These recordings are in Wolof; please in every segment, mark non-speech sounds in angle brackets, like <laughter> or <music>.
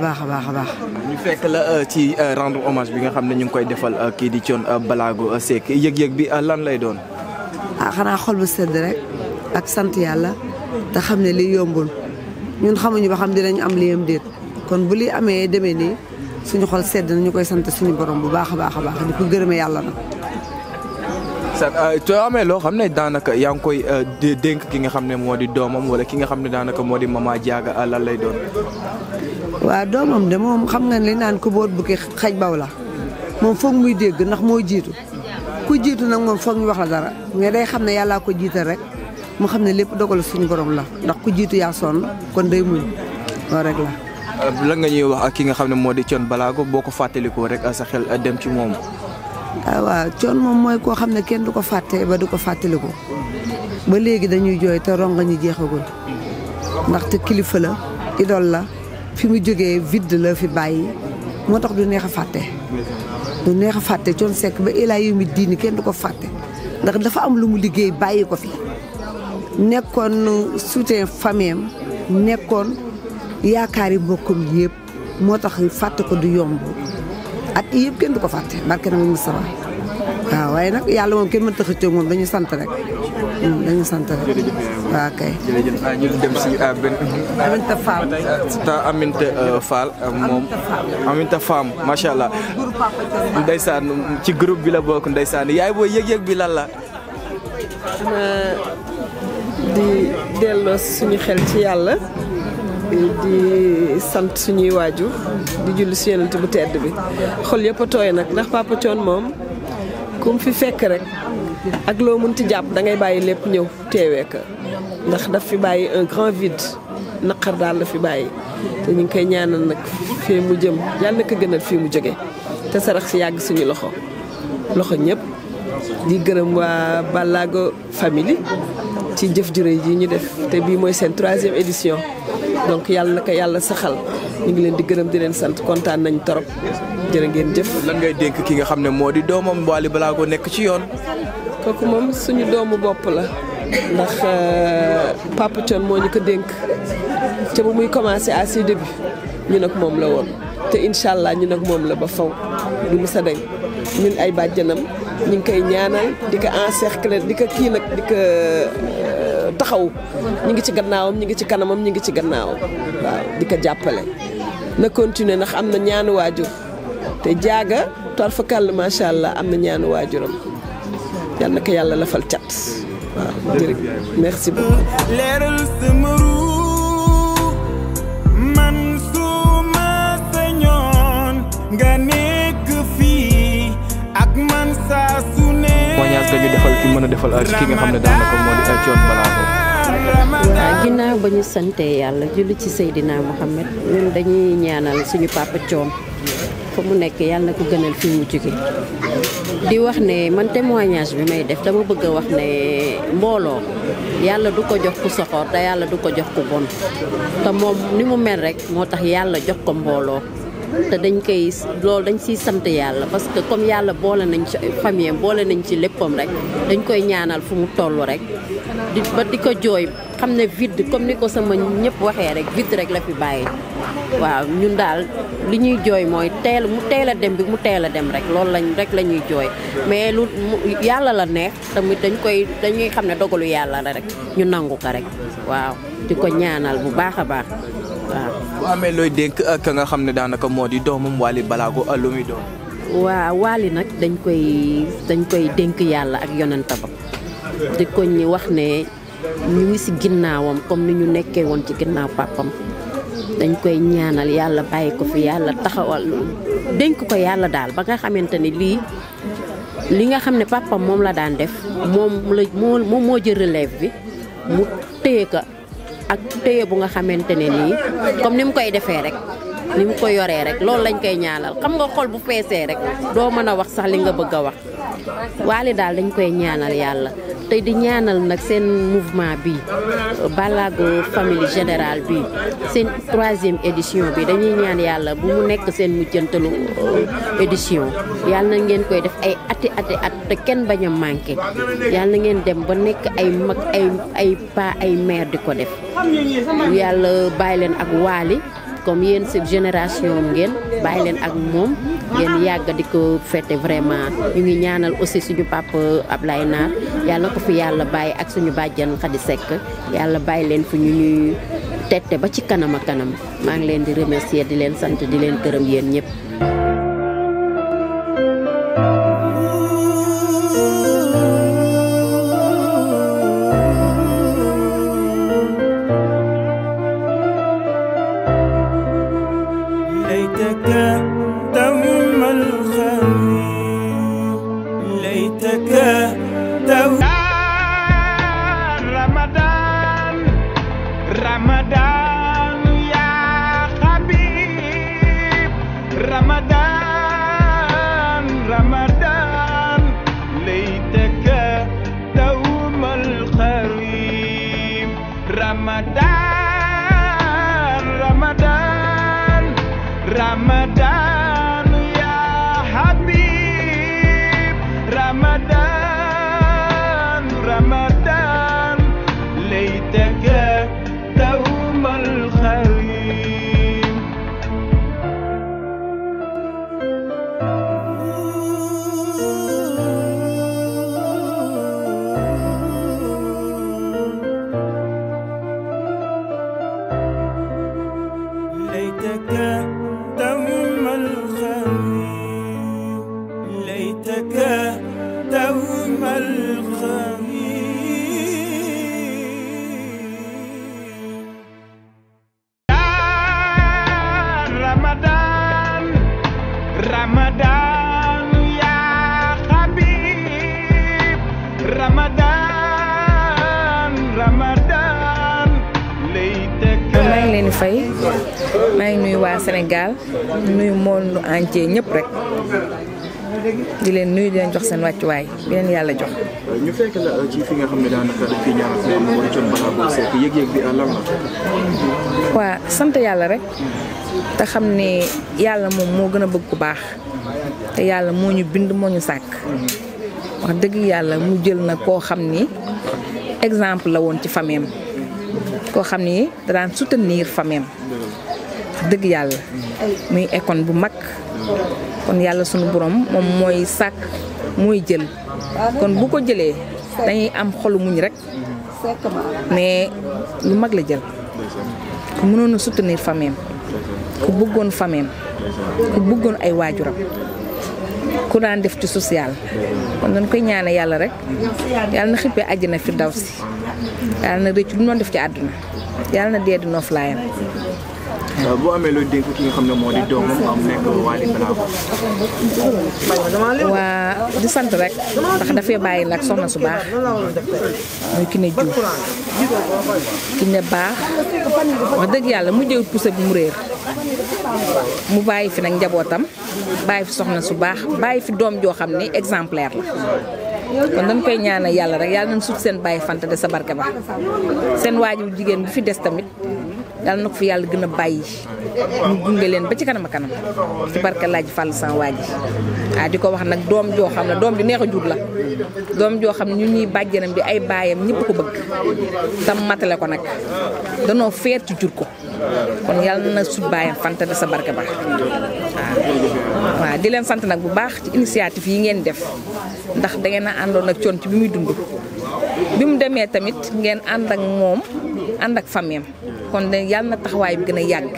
baax a baax a baax. ñu fekk la euh, ci euh, rend hommage bi nga xam ne ñu ngi koy defal euh, kii di Thione Ballago Seck yëg-yëg bi lan lay doon. ah xanaa xol bu sedd rek ak sant yàlla te xam ne lii yombul ñun xamuñu ba xam dinañ am liyam déet kon bu li amee demee nii suñu xol sedd na ñu koy sant suñu borom bu baax a baax a baax di ko gërëme yàlla nag. too euh, amee loo xam ne daanaka yaa ngi koy euh, dénk ki nga xam ne moo di doomam wala ki nga xam ne daanaka moo di mama jaaga euh, lan lay doon. waaw doomam de moom xam nga ni naan ku boot bukki xaj baw la moom foog muy dégg ndax moo jiitu ku jiitu nag moom foog ñu wax la dara mais day xam ne yàllaa ko jiital rek mu xam ne lépp dogal suñu borom la ndax ku jiitu yaa sonn kon day muñ loolu la. lan nga ñuy wax ak ki nga xam ne moo di Thione Ballago boo ko fàttalikoo rek a sa xel a dem ci moom. Ah, waaw coon moom mooy koo xam ne kenn du ko fàtte ba du ko fàttaliku ba léegi dañuy jooy te ronga ñu jeexagul ndaxte kilifa la idole la fi mu jógee vide la fi bàyyi moo tax du neex a fàtte du neex a fàtte coon sekk ba ilaa yu mi diini kenn du ko fàtte ndax dafa am lu mu liggéey bàyyi ko fi nekkoon sutee famille am nekkoon yi mbokkum yëpp moo tax fàtte ko du yomb at yi yëpp kenn du ko fàtte barke na mu Moustapha waaw waaye nag yàlla moom kenn mënta xëccoo moom dañu sant rek hmm, dañu sant rek waaw kay. jërëjëf ah, ñu dem si ah, benn. Mhm. Aminta Fall ta Aminta euh, Fall euh, moom Aminta Fall macha allah. ndeysaan ci groupe bi la bokk ndeysaan yaay booy yëg-yëg bi lan la. di delloo suñu xel ci yàlla. di sant suñuy waajur di julli si yonent bu tedd bi xol yëpp a tooy nag ndax Papa Thione moom kum fi fekk rek ak loo mënti jàpp da ngay bàyyi lépp ñëw teewee ka ndax daf fi bàyyi un grand vide naqar daal la fi bàyyi te ñu ngi koy ñaanal nag fii mu jëm yàlla na ko gënal fii mu jóge te sarax si yàgg suñu loxo loxo ñëpp di gërëm waa Ballago famille ci jëf ju rëy ji ñu def te bii mooy seen troisième édition donc yàlla na ko yàlla saxal ñu ngi leen di gërëm di leen sant kontaan nañ torop jërë ngeen jëf. lan ngay dénk ki nga xam ne moo di doomam Wally Ballago nekk ci yoon. kooku moom suñu doomu bopp la ndax euh, Papa Thion moo ñu ko dénk ca bu muy commencé à ses débuts ñu nekk moom la woon te incha allah ñu nag moom la ba faw du mu sa dañ ñun ay bàjjanam ñu ngi koy ñaanal di ko encercler di ko kii nag di ko taxaw ñu ngi ci gannaawam ñu ngi ci kanamam ñu ngi ci gannaawam waaw di ko jàppale na continuer ndax am na ñaanu waajur te jaaga tarfakàll macha allah am na ñaanu waajuram yal na ko yàlla lafal cat waaw merci beaucoup mën a defal ki nga xam ne daanaka moo di Thione Ballago waaw ginnaaw ba ñu sante yàlla julli ci Seydina Mohamed ñun dañuy ñaanal suñu papa Thione fa mu nekk yàlla na ko gënal fi mu jóge di wax ne man témoignage bi may def dama bëgg a wax ne mbooloo yàlla du ko jox ku soxor te yàlla du ko jox ku bon te moom ni mu mel rek moo tax yàlla jox ko mbooloo te dañ koy loolu dañ siy sant yàlla parce comme yàlla boole nañ ci famille boole nañ ci léppam rek dañ koy ñaanal fu mu toll rek di ba di ko jooy xam ne vide comme ni ko sama ñëpp waxee rek vide rek la fi bàyyi waaw ñun daal li ñuy jooy mooy teel mu teel a dem bi mu teel a dem rek loolu lañ rek la ñuy jooy mais lu yàlla la neex tamit dañ koy dañuy xam ne dogalu yàlla la ñu nangu ko rek waaw di ko ñaanal bu baax a baax bu amee looy dénk euh, ka nga xam ne daanaka moo di doomam Wally Balago euh, lu muy doon. waaw Wally nag dañ koy dañ koy dénk yàlla ak yonentam di ko ñi wax ne ñu ngi si ginnaawam comme ni ñu nekkee woon ci ginnaaw pàppam dañ koy ñaanal yàlla bàyyi ko fi yàlla taxawal dénk ko yàlla daal ba nga xamante ni lii li nga xam ne pàppam moom la daan def moom la moo moo jël bi mu téye ko ak téye bu nga xamante ne nii comme ni mu koy defee rek ni mu ko yoree rek loolu lañ koy ñaanal xam nga xol bu feesee rek doo mën a wax sax li nga bëgg a wax waale daal dañu koy ñaanal yàlla te di ñaanal nag seen mouvement bi Balago famille général bi seen troisième édition bi dañuy ñaan yàlla bu mu nekk seen mujjantalu euh, édition yàlla na ngeen koy def ay ati ati at te kenn bañ a manqué yàlla na ngeen dem ba nekk ay mag ay ay pa ay mère di ko def yàlla bàyyi leen ak waali comme yéen si génération ngeen bàyyi leen ak moom ngeen yàgg di ko fête vraiment ñu ngi ñaanal aussi suñu papa Ablaye Naar yàlla ko fi yàlla bàyyi ak suñu bàjjan Khady Seck yàlla bàyyi leen fi ñu ñuy tette ba ci kanam a kanam maa ngi leen di remercier di leen sant di leen gërëm yéen ñëpp. gaal nuyu monde entier ñëpp rek di leen nuyu di jox seen wàccuwaay bi leen yàlla jox. waa sant yàlla rek. te xam ne yàlla moom moo gën a bëgg ku baax. te yàlla moo ñu bind moo ñu sàkk. wax dëgg yàlla mu jël na koo xam ni exemple la woon ci fameem koo xam ni da daan soutenir fameem dëgg yàlla muy école bu mag kon yàlla sunu borom moom mooy sàkk mooy jël kon bu ko jëlee dañuy am xolu muñ rek mais lu mag la jël ku mënoon a soutenir fameem ku bëggoon fameem ku bëggoon ay waajuram ku daan def ci social kon dañ koy ñaane yàlla rek yàlla na xippee na fi daw si yàlla na rëcc lu noon def ci àdduna yàlla na dee di noof Euh, boo amee looy dénk ki nga xam ne moo di doomam waa di sant rek ndax dafay bàyyi nag soxna su baax muy ki ne Diouf ki ne baax wax dëgg yàlla mu jëwut pousse bi mu réer mu bàyyi fi nag njabootam bàyyi fi soxna su baax bàyyi fi doom joo xam ne exemplaire la. kon dañ koy ñaanal yàlla rek yàlla nañ suuf seen bàyyi fanta de sa barke ba seen waajur jigéen bi fi des tamit yàlla na ko fi yàlla gën a bàyyi ñu gunge leen ba ci kanam a kanam ci barka laaj fàll san waa ji ah di ko wax nag doom joo xam ne doom ju neex a jur la doom joo xam ne ñu ñuy bàjjanam di ay baayam ñëpp ko bëgg tam matale ko nag danoo feer ci jur ko kon yàlla na sut baayam fanta da sa barke ba waa ah, waaw di leen sant nag bu baax ci initiative yi ngeen def ndax dangeen a àndoon ak coon ci bi muy dund bi mu demee tamit ngeen ànd ak moom ànd ak famiyam kon de yàlla na taxawaay bi gën yàgg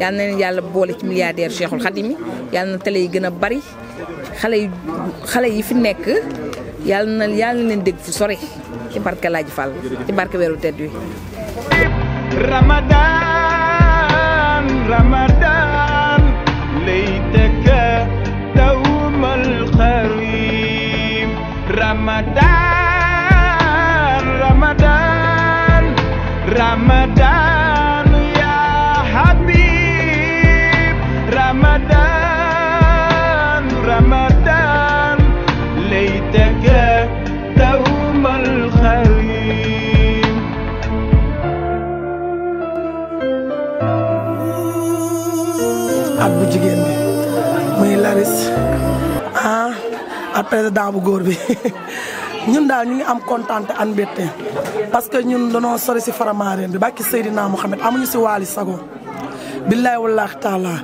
yàlla na leen yàlla boole ci milliardaire Cheikhul Khadim yàlla na télé yi gën a bari xale yi xale yi fi nekk yàlla na yàlla na leen dégg fu sore ci barke Laaji Fall ci barke weeru tedd wi Ramadan Ramadan laytaka رمضان رمضان ليتك دوم الخير at jigéen bi muy laris ah ak président bu góor bi <laughs> ñun daal ñu ngi am kontaan te an mbette parce que ñun danoo sori si Faramareen bi bàkki Seydina Mouhamed amuñu si waali sago billaay wallaahi taala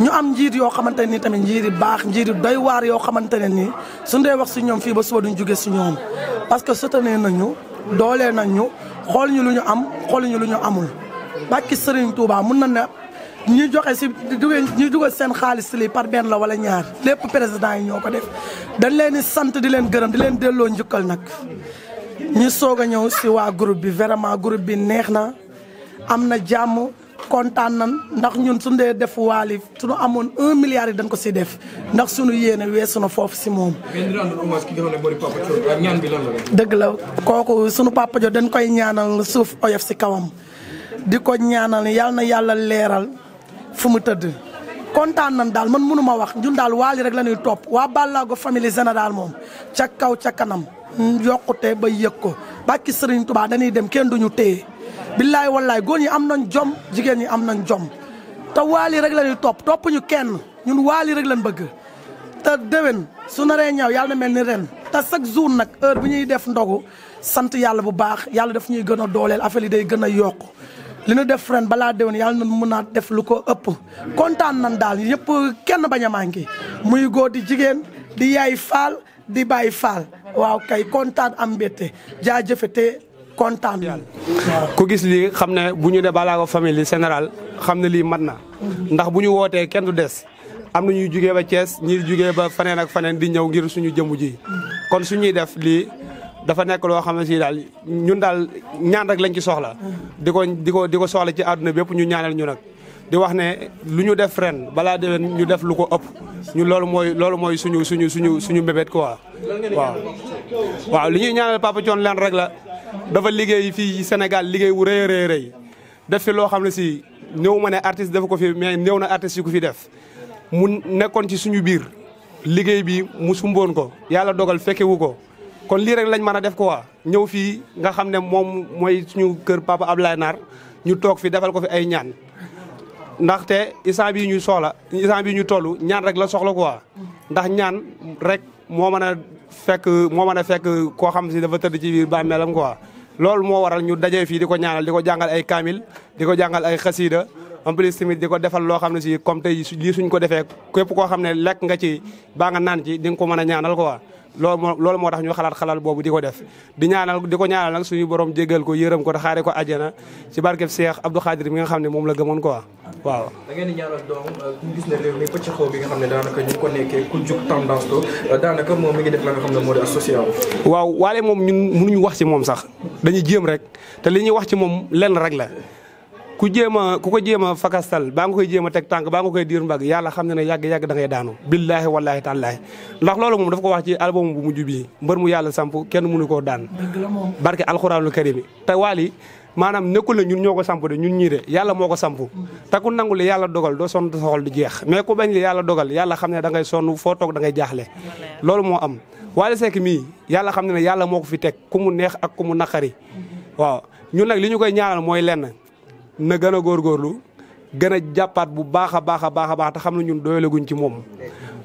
ñu am njiit yoo xamante ni tamit njiit yu baax njiit yu doy waar yoo xamante ne nii suñ dee wax si ñoom fii ba suba duñ jóge si ñoom parce que soutenir nañu doolee nañu xool ñu lu ñu am xool ñu lu ñu amul. bàkki Serigne Touba mun na ne ñu joxe si dugal ñu dugal seen xaalis li par benn la wala ñaar lépp président yi ñoo ko def dañ leen di sant di leen gërëm di leen delloo njukkal nag. ñu soog a ñëw si waa groupe bi vraiment groupe bi neex na am na jàmm. kontaan nan ndax ñun suñu dee def waali suñu amoon un milliard yi dañ ko si def ndax suñu yéene weesu na foofu si moom. dëgg la kooku sunu papa jo dañ koy ñaanal suuf oyof si kawam di ko ñaanal yal na yàlla leeral fu mu tëdd. kontaan nan daal man mënu wax ñun daal waali rek la topp waa Ballago famille générale moom ca kaw ca kanam. yokkute ba yëg ko bàkki sëriñ Tuubaa dañuy dem kenn duñu tey billaay wallaay góor ñi am nañ jom jigéen ñi am nañ jom te waali rek la topp topp ñu kenn ñun waali rek lañ bëgg te dëwen su naree ñaaw yàlla na mel ni ren te chaque jour nag heure bu ñuy def ndogu sant yàlla bu baax yàlla daf ñuy gën a dooleel affaire yi day gën a yokk li nu def ren balaa déwén yàlla na mën a def lu ko ëpp kontaan nan daal yëpp kenn bañ a manqué muy góor di jigéen di yaay faal di bàyyi faal waaw kay kontaan am mbette jaajëfe te kontaan ku gis lii xam ne bu ñu ne Balago famille général xam ne lii mat na ndax bu ñu wootee kenn du des am na ñuy jugee ba cees ñi jugee ba faneen ak faneen di ñëw ngir suñu jëmm ji kon suñuy def lii dafa nekk loo xam ne daal ñun daal ñaan rek lañ ci soxla di ko di ko di ko soxla ci àdduna bépp ñu ñaanal ñu nag di wax ne lu ñu def ren balaa déwén ñu def lu ko ëpp ñu loolu mooy loolu mooy suñu suñu suñu suñu mbébét quoi waaw. waaw li ñuy ñaanal Papa coon leen rek la dafa liggéey fii Sénégal liggéey wu rëy rëy rëy def fi loo xam ne si ñëw ma ne artiste def ko fi mais néew na artiste yi ko fi def mu nekkoon ci suñu biir liggéey bi mu sumboon ko yàlla dogal fekkewu ko. kon lii rek lañ mën a def quoi ñëw fii nga xam ne moom mooy suñu kër ab Abdoulaye naar ñu toog fi defal ko fi ay ñaan. ndaxte instant bii ñu soola instant bii ñu toll ñaan rek la soxla quoi ndax ñaan rek moo mën a fekk moo mën a fekk koo xam si dafa tëdd ci biir bàmmeelam kowaa loolu moo waral ñu dajee fii di ko ñaanal di ko jàngal ay kaamil di ko jàngal ay xasiida en plus di ko defal loo xam ne si comme tey lii suñ ko defee képp ko xam ne lekk nga ci baa nga naan ci di nga ko mën a ñaanal quoi loolu moo loolu moo tax ñu xalaat xalaat boobu di ko def di ñaanal di ko ñaanal nag suñu borom jéggal ko yërëm ko te xaare ko àjjana ci barkeb Seex Abdou Khadir mi nga xam ne moom la gëmoon quoi waaw da ngeen di ñaanal doom euh, bi nga xam ne daanaka ñu ko nekkee ku jug tendance to euh, daanaka moom mi ngi def la xam ne moo di ak social waaw waale moom ñun mënuñu wax ci moom sax dañuy jéem rek te li ñuy wax ci moom lenn rek la ku jéem a ku ko jéem a fakastal baa nga koy jéem a teg tànk baa nga koy diir mbag yàlla xam ne ne yàgg-yàgg da ngay daanu billaahi wallaahi tàllaahi ndax loolu moom dafa ko wax ci album bu mujj bii mbër mu yàlla samp kenn nu koo daan barke alxuraanul karim te waali maanaam nekkul ne ñun ñoo ko sampu de ñun ñii de yàlla moo ko sampu te ku nangu li yàlla dogal doo sonn soxol di jeex mais ku bañ li yàlla dogal yàlla xam ne dangay ngay sonn foo toog da jaaxle loolu moo am Wally Seck mii yàlla xam ne ne yàlla moo ko fi teg ku mu neex ak ku mu naqari waaw ñun nag li ñu koy ñaanal mooy lenn na gën a góorgóorlu gën a jàppaat bu baax a baax a baax a baax te xam ne ñun doyalaguñ ci moom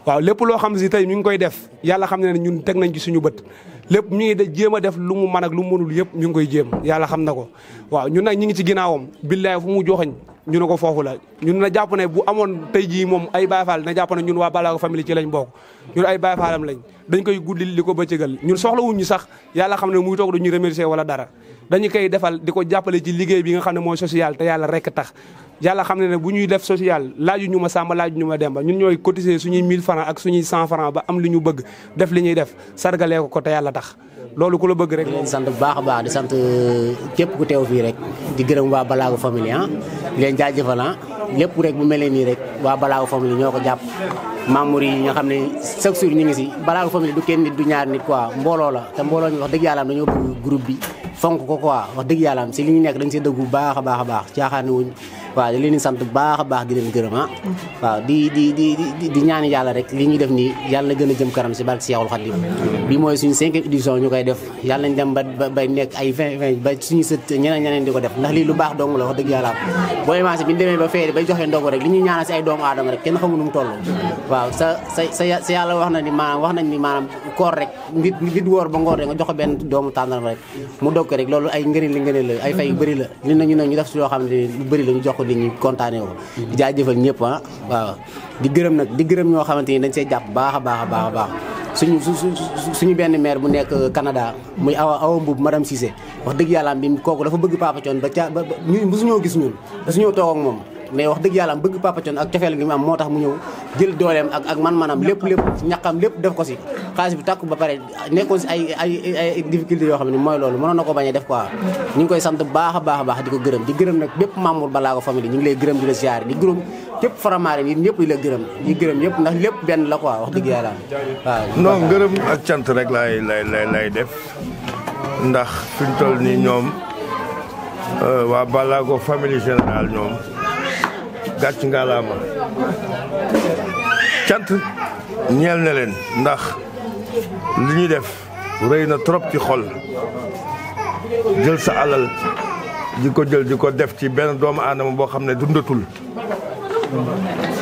waaw lépp loo xam si tey ñu ngi koy def yàlla xam ne ne ñun teg nañ ci suñu bët lépp ñu ngi de jéem a def lu mu mën ak lu mu mënul yëpp ñu ngi koy jéem yàlla xam na ko waaw ñun nag ñu ngi ci ginnaawam billaay fu mu joxoñ ñu ne ko foofu la ñun na jàpp ne bu amoon tey jii moom ay Baye Fall na jàpp ne ñun waa Balago famille ci lañ bokk ñun ay Baye Fallam lañ dañ koy guddi li ko ba bëccëgal ñun soxlawuñ ñu sax yàlla xam ne muy toog duñu remercier wala dara dañu koy defal di ko jàppale ci liggéey bi nga xam ne mooy social te yàlla rekk tax yàlla xam ne ne bu ñuy def social laaju ñu ma Samba laaju ñu ma Demba ñun ñooy cotiser suñuy 1000 francs ak suñuy 100 francs ba am li ñu bëgg def lu ñuy def sargalee ko ko te yàlla tax loolu ku la bëgg rek. di sant bu baax a baax di sant euh, képp ku teew fii rek di gërëm waa Balago Family ah leen jaajëfal ah lépp rek bu mel nii rek waa Balago Family ñoo ko jàpp. membres yi nga xam ne chaque jour ñu ngi si Balago Family du kenn nit du ñaar nit quoi mbooloola la te ñu wax dëgg yàlla am dañoo bëgg groupe bi yàlla am si li ñu nekk dañ see dëgg bu baax a baax a baax caaxaan waaw di leen di sant bu baax a baax di leen gërëm ah. waaw di ñaan yàlla rek li ñu def nii yàlla gën a jëm kanam si barke Seexul Xadim bi mooy suñu cinquième édition ñu koy def yàlla nañ dem ba bay nekk ay vingt vingt di ko def ndax lii lu baax dong la wax dëgg yàlla boo émancé bi ñu demee ba feeri bay joxee ndogu ay doomu aadama rek kenn xamul sa sa sa yàlla na ni maanaam wax nañ ni maanaam koor rek nit woor ba ngoor rek benn doomu mu dog ko rek loolu ay ngëneel la ngëneel la ay fay yu bëri la ñu def si loo xam ne lu bëri la ñu jox ko di ñu kontaanee ko. di jëfal ñëpp ah waaw di gërëm nag di gërëm ñoo xamante ni dañ see jàpp baax baax a baax a baax suñu suñu benn maire bu nekk euh, Canada muy awa awa mbuub madame Cissé wax dëgg yàlla am kooku dafa bëgg Papa Thione ba ca ba ñun mosuñoo gis ñun mosuñoo toog ak moom. mais wax dëgg yàlla bëgg Papa Thione ak cofeel gi mu am moo tax mu ñëw jël dooleem ak ak man-manam lépp lépp ñaqam lépp def ko si xaalis bi takk ba pare nekkoon si ay ay ay difficulté yoo xam ne mooy loolu mënoon na ko bañee def quoi ñu ngi koy sant baax a baax a baax di ko gërëm di gërëm nag bépp membre Ballago famille ñu ngi lay gërëm di la siyaare di gërëm képp faramaare yi la gërëm di gërëm yëpp ndax lépp benn la quoi wax dëgg yàlla waaw non gërëm a cant rek laay lay lay lay def ndax fi ñu toll nii ñoom euh, waa Ballago famille générale ñoom gàcc ngaalaama cant ñeel na leen ndax li ñu def rëy na trop ci xol jël sa alal di ko jël di def ci benn doomu aadama boo xam ne dundatul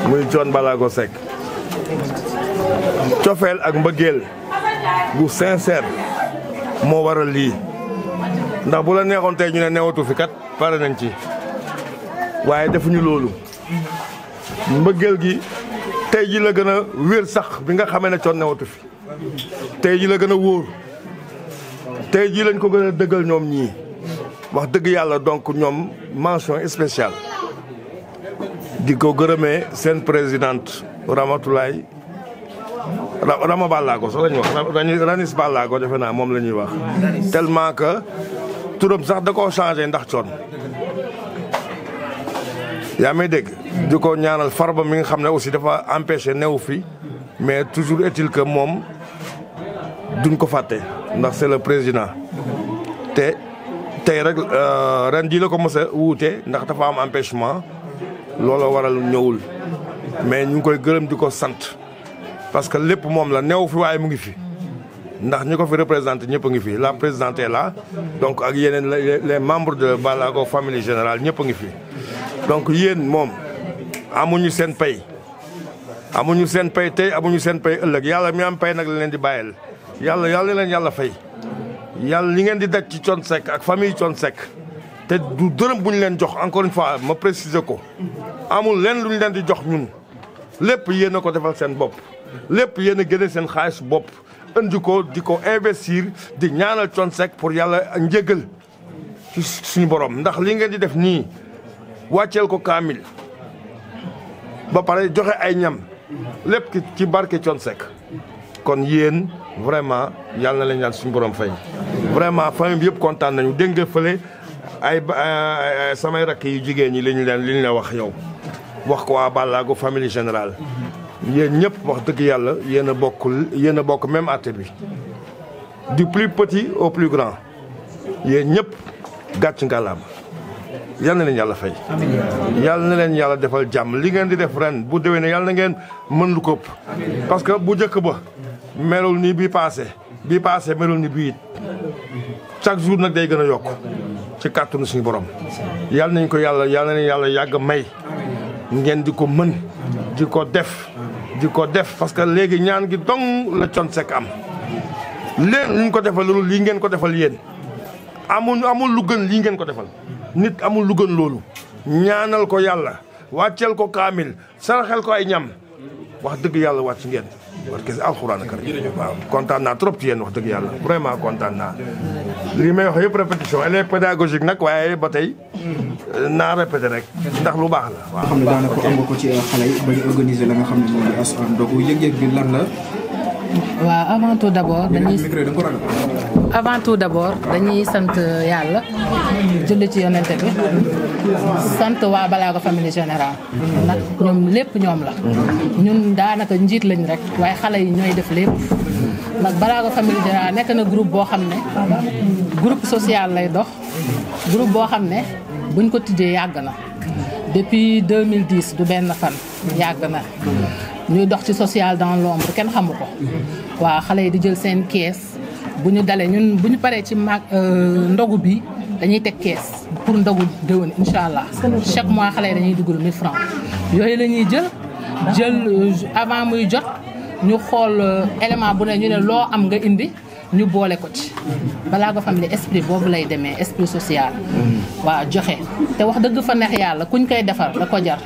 muy coon balaago sekk cofeel ak mbëggeel bu sincère moo waral lii ndax bu la neexoon tey ñu ne newatu fi kat pare nañ ci waaye defuñu loolu mbëggeel gi tey ji la gën a wér sax bi nga xamee ne coon newatu fi tey ji la gën a wóor tey ji lañ ko gën a dëggal ñoom ñii wax dëgg yàlla donc ñoom mention spéciale di ko gërëmee seen présidente Ramatoulaye Rama Ballago sax la ñuy wax Ranis Ballago defe naa moom la ñuy wax tellement que turam sax da koo changé ndax coon yaa may dégg di ko ñaanal farba mi nga xam ne aussi dafa empêché newu fi mais toujours est-il que moom duñ ko fàtte ndax c'est le président te tey rek euh, ren jii la ko mos a ndax dafa am empêchement loola waral ñëwul mais ñu ngi koy gërëm di ko sant parce que lépp moom la neew fi waaye mu ngi fi ndax ñu ko fi représenté ñëpp a ngi fi la présidente la donc ak yeneen les membres de Balago famille général ñëpp a ngi fi donc yéen moom amuñu seen pay amuñu seen pey tey amuñu seen pay ëllëg yàlla mi am pay nag la leen di bàyyil yàlla yàlla leen yàlla fay yàlla li ngeen di daj ci Thione Seck ak famille Thione Seck te du dërëm bu ñu leen jox encore une fois ma préciser ko amul leen lu ñu leen di jox ñun lépp yéen a ko defal seen bopp lépp yéen a génne seen xaalis bopp indi ko di ko investir di ñaanal Thione Seck pour yàlla njëgal ci suñu borom ndax li ngeen di def nii wàcceel ko kaamil ba pare joxe ay ñam lépp ci barke Thione Seck kon yéen vraiment yàlla na leen yàlla suñu borom fay vraiment famille bi yëpp kontaan nañu dégg nga fële ay samay rakk yu jigéen ñi li ñu leen li ñu wax yow wax ko waa Ballago famille général yéen ñëpp wax dëgg yàlla yéen a bokk yéen a bokk même àtte bi du plus petit au plus grand yéen ñëpp gàcc ngalaam yal na leen yàlla fay. yal na leen yàlla defal jàmm li ngeen di def ren bu déwénee yal na ngeen mën lu kopp parce que bu njëkk ba melul ni bi passé bii passé melul ni bii it chaque jour nag day gën a yokk ci kàttanu suñu borom. yal nañ ko yàlla yal na leen yàlla yàgg may ngeen di ko mën di ko def di ko def parce que léegi ñaan gi dong la con am. leen ñu ko defal loolu lii ngeen ko defal yéen amul amul lu gën lii ngeen ko defal. nit amul lu gën loolu ñaanal ko yàlla wàcceel ko kaamil saraxel ko ay ñam wax dëgg yàlla wàcc ngeen parce que alxuraan ak waaw kontaan naa trop ci wax dëgg yàlla vraiment kontaan naa lii may wax yëpp répétition elle pédagogique nag waaye ba tey mm-hmm. naa répété rek ndax lu baax la waaw xam ne daanaka am nga ko ci euh, xale yi ba ñu organiser xam ne moom di as ndogu yëg waaw avant tout d'abord dañuy sant yàlla julli ci yonente bi sant waa Balago famille générale ndax ñoom lépp ñoom la ñun daanaka njiit lañ rek waaye xale yi ñooy def lépp ndax Balago famille générale nekk na groupe boo xam ne groupe sociale lay dox groupe boo xam ne buñ ko tijjee yàgg na depuis 2010 du benn fan yàgg na ñuy dox ci social dans l'ombre kenn xamu ko waaw xale yi di jël seen kees bu ñu dalee ñun bu ñu paree ci mag euh, ndogu bi dañuy teg kees pour ndogu déwén incha allah. chaque mois xale yi dañuy dugal 1000 francs yooyu lañuy ñuy jël jël euh, avant muy jot ñu xool euh, élément bu ne ñu ne loo am nga indi ñu boole ko balaa ko famille esprit boobu lay demee esprit social. Mm. waaw joxe te wax dëgg fa neex yàlla kuñ koy defar la ko jar.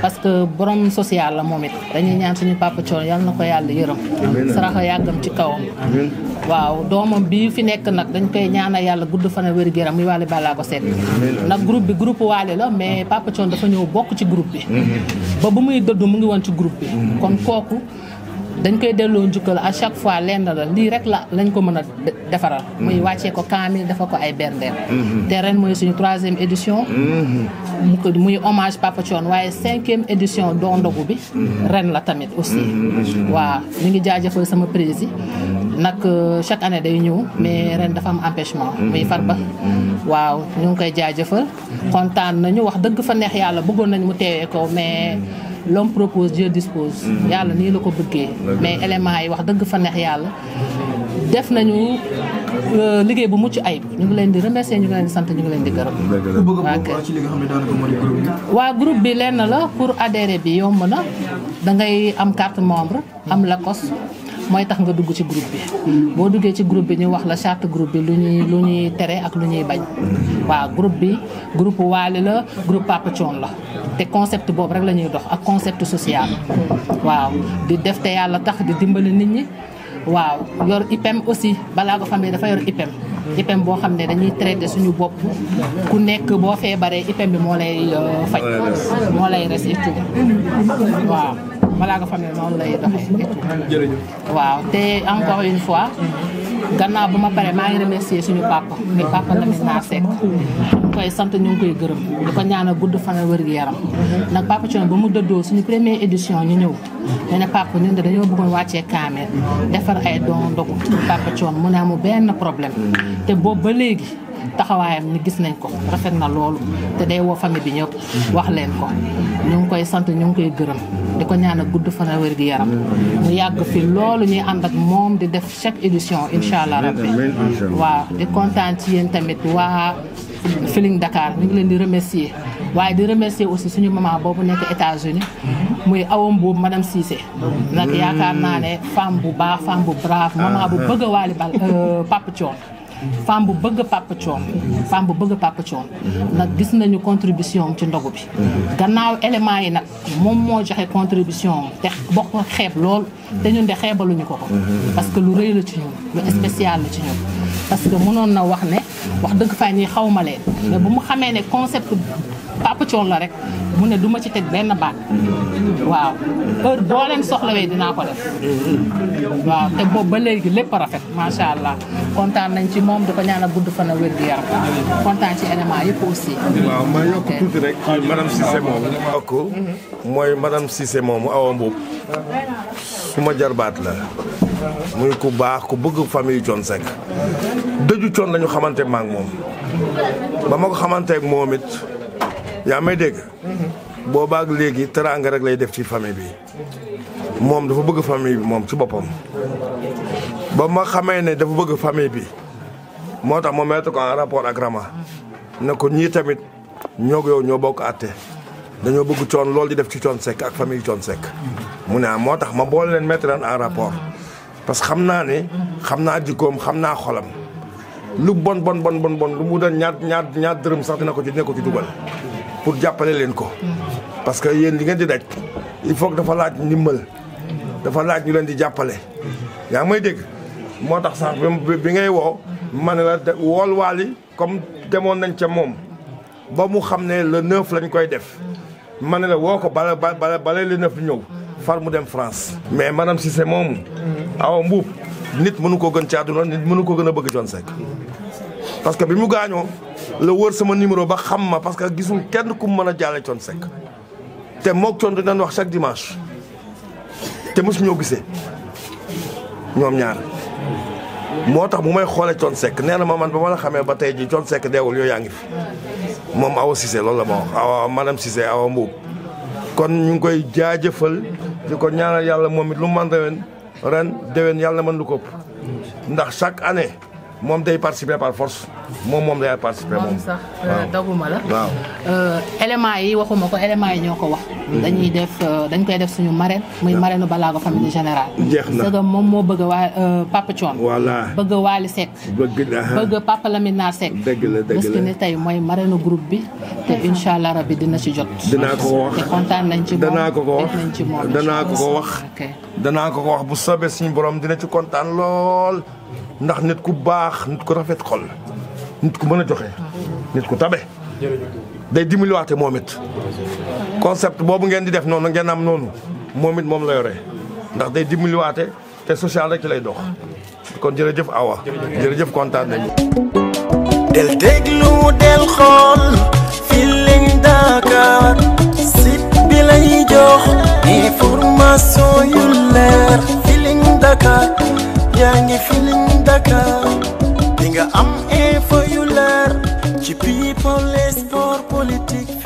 parce que borom social la moom it dañuy ñaan suñu papa Thione yal na ko yàlla yërëm saraxa yàggam ci kawam waaw doomam bii fi nekk nag dañ koy ñaanal yàlla gudd fan a wér géram muy Wally Ballago Seck nag groupe bi groupe Wally la mais papa Thione dafa ñëw bokk ci groupe bi ba bu muy dëdd mu ngi woon ci groupe bi kon kooku dañ koy delloo njukkal à chaque fois lenn la lii rek la lañ ko mën a defaral. muy mm-hmm. wàccee ko kaamil dafa ko ay berndeel. Mm-hmm. te ren mooy suñu troisième édition. Mm-hmm. mu ko muy hommage Papa Thione waaye cinquième édition doo ndogu bi. ren la tamit aussi. waaw ñu ngi jaajëfal sama prési nag euh, chaque année day ñëw mais ren dafa am empêchement. muy Farba. waaw ñu ngi koy jaajëfal. kontaan nañu wax dëgg fa neex yàlla bëggoon nañ mu teewee ko mais. l'homme propose Dieu dispose. Mm-hmm. yàlla nii la ko bëggee. mais éléments yi wax dëgg fa yàlla. def nañu euh, liggéey bu mucc ayib ñu ngi leen di remercier ñu ngi leen di sant ñu ngi leen di gërëm. waa groupe bi lenn la pour adhérer bi yomb na da ngay am carte membre am la kos mooy tax nga dugg ci groupe bi boo duggee ci groupe bi ñu wax la charte groupe bi lu ñuy lu ñuy tere ak lu ñuy bañ waaw groupe bi group waali la group Papa la te concept boobu rek la ñuy dox ak concept social waaw di def te yàlla tax di dimbali nit ñi waaw yor IPM e aussi balaa ko famille dafa yor IPM e IPM e boo xam ne dañuy traité suñu bopp ku nekk boo feebaree IPM bi moo lay euh, faj moo lay res et tout waaw balaa nga xam ne noonu lay doxee jërëjëf waaw te encore une fois gannaaw bu ma pare maa ngi remercier suñu papa ni papa Lamine Seck koy sant ñu ngi koy gërëm di ko ñaanal gudd fan ak wér gu yaram nag papa Thion ba mu dëddoo suñu première édition ñu ñëw ñu ne papa ñun de dañoo bëggoon wàccee kaameel defar ay don ndogu papa mu ne amul benn problème te boobu ba léegi taxawaayam ni gis nañ ko rafet na loolu te day woo famille bi ñëpp wax leen ko ñu ngi koy sant ñu ngi koy gërëm di ko ñaan a gudd fan a wér gi yaram mu yàgg fi loolu ñuy ànd ak moom di def chaque édition incha allah rabbi waaw di kontaan ci yéen tamit waa Feeling Dakar ñu ngi leen di remercier waaye di remercier aussi suñu maman boobu nekk États-Unis muy awam boobu madame Cissé nag yaakaar naa ne femme bu baax femme bu brave maman bu ah, ah. bëgg a waali bal euh, Mhm. femme bu bëgg Papa Thione mhm. femme bu bëgg Papa Thione mhm. nag gis nañu contribution ci ndogu bi gannaaw élément yi nag moom moo joxe contribution am te ko xeeb lool te ñun de xeebaluñu ko ko parce que lu rëy la ci ñun lu spécial la ci ñun parce que mënoon na wax ne wax dëgg faa ñuy xaw ma leen mais bu mu xamee ne concept Papa Thion la rek mu ne du ci teg benn baat waaw heure boo leen soxlawee dinaa ko def waaw te boobu ba léegi lépp rafet macha allah kontaan nañ ci moom di ko ñaanal gudd fan a wér gu yaram kontaan ci élément yëpp aussi. waaw ma yokk tuuti rek ci madame moomu. ok mooy madame Cissé moomu Awa Mboup su ma jarbaat la muy ku baax ku bëgg famille Thione Seck dëju Thione lañu xamante maak moom ba ma ko xamante ak yaa may dégg. boo boobaag léegi teraanga rek lay def ci famille bi moom dafa bëgg famille bi moom ci boppam. ba ma xamee ne dafa bëgg famille bi moo tax ma mettre ko en rapport ak Rama ne ko ñii tamit ñoo yow ñoo bokk àtte dañoo bëgg coon loolu di def ci coon sekk ak famille coon sekk. mu ne ah, moo tax ma boole leen mettre leen rapport parce que xam naa ne xam naa jikkoom xam naa xolam lu bon bon bon bon bon lu mu doon ñaar ñaar ñaar dërëm sax dina ko ci dina ko ci dugal. pour jàppale leen ko. parce que yéen li ngeen di daj il faut dafa laaj ndimbal dafa laaj ñu leen di jàppale. yaa ngi may dégg moo tax sax bi ngay woo ma ne la wool waali comme demoon nañ ca moom ba mu xam ne le neuf lañ koy def ma ne la woo ko bala bala bala le neuf ñëw far mu dem France. mais maanaam Cissé moomu. awa mbuub nit mënu ko gën ci àdduna nit mënu ko gën a bëgg Thione Seck parce que bi mu gaañoo. la wër sama numéro ba xam ma parce que gisul kenn ku mën a jaale Thione Seck te mook Thione di wax chaque dimanche te mos ñoo gisee ñoom ñaar moo tax mu may xoolee Thione Seck nee na ma man ba ma la xamee ba tey ji Thione Seck deewul yow yaa ngi fi moom Awa Cissé loolu la aw wax Awa madame Cissé Awa Mbuub kon ñu ngi koy jaajëfal di ko ñaanal yàlla moom it lu man ren ren déwén yàlla na mën lu ko ndax chaque année moom day participer par force moom moom day participer moom. moom sax euh, daguma la. waaw euh, éléments yi waxuma ko éléments yi ñoo ko wax. Mm-hmm. dañuy def euh, dañ koy def suñu marraine. muy marraine Balago famille mm-hmm. générale. jeex na sëgam moom moo bëgg waa Papa Thion. voilà bëgg Waly Seck. bëgg bëgg Papa Lamine Nar Seck. dëgg la dëgg la ni tey mooy marraine groupe bi. te incha allah rabi dina ci jot. dinaa ko ko wax te kontaan nañ ci moom danaa ko ko wax danaa ko ko wax. danaa ko ko wax bu soobee suñu borom dina ci kontaan lool. ndax nit ku baax nit ku rafet xol nit ku mën a joxe nit ku tabe day dimbaliwaate moom it concept boobu ngeen di def noonu ngeen am noonu moom it moom la yore ndax day dimbiliwaate te social rek ci lay dox kon jërëjëf Awa jërëjëf kontaan nañu del déglu del xool Feeling Dakar site lay jox information yu leer Feeling Dakar yaa ngi Feeling Dakar di nga am info yu leer ci people et sport politique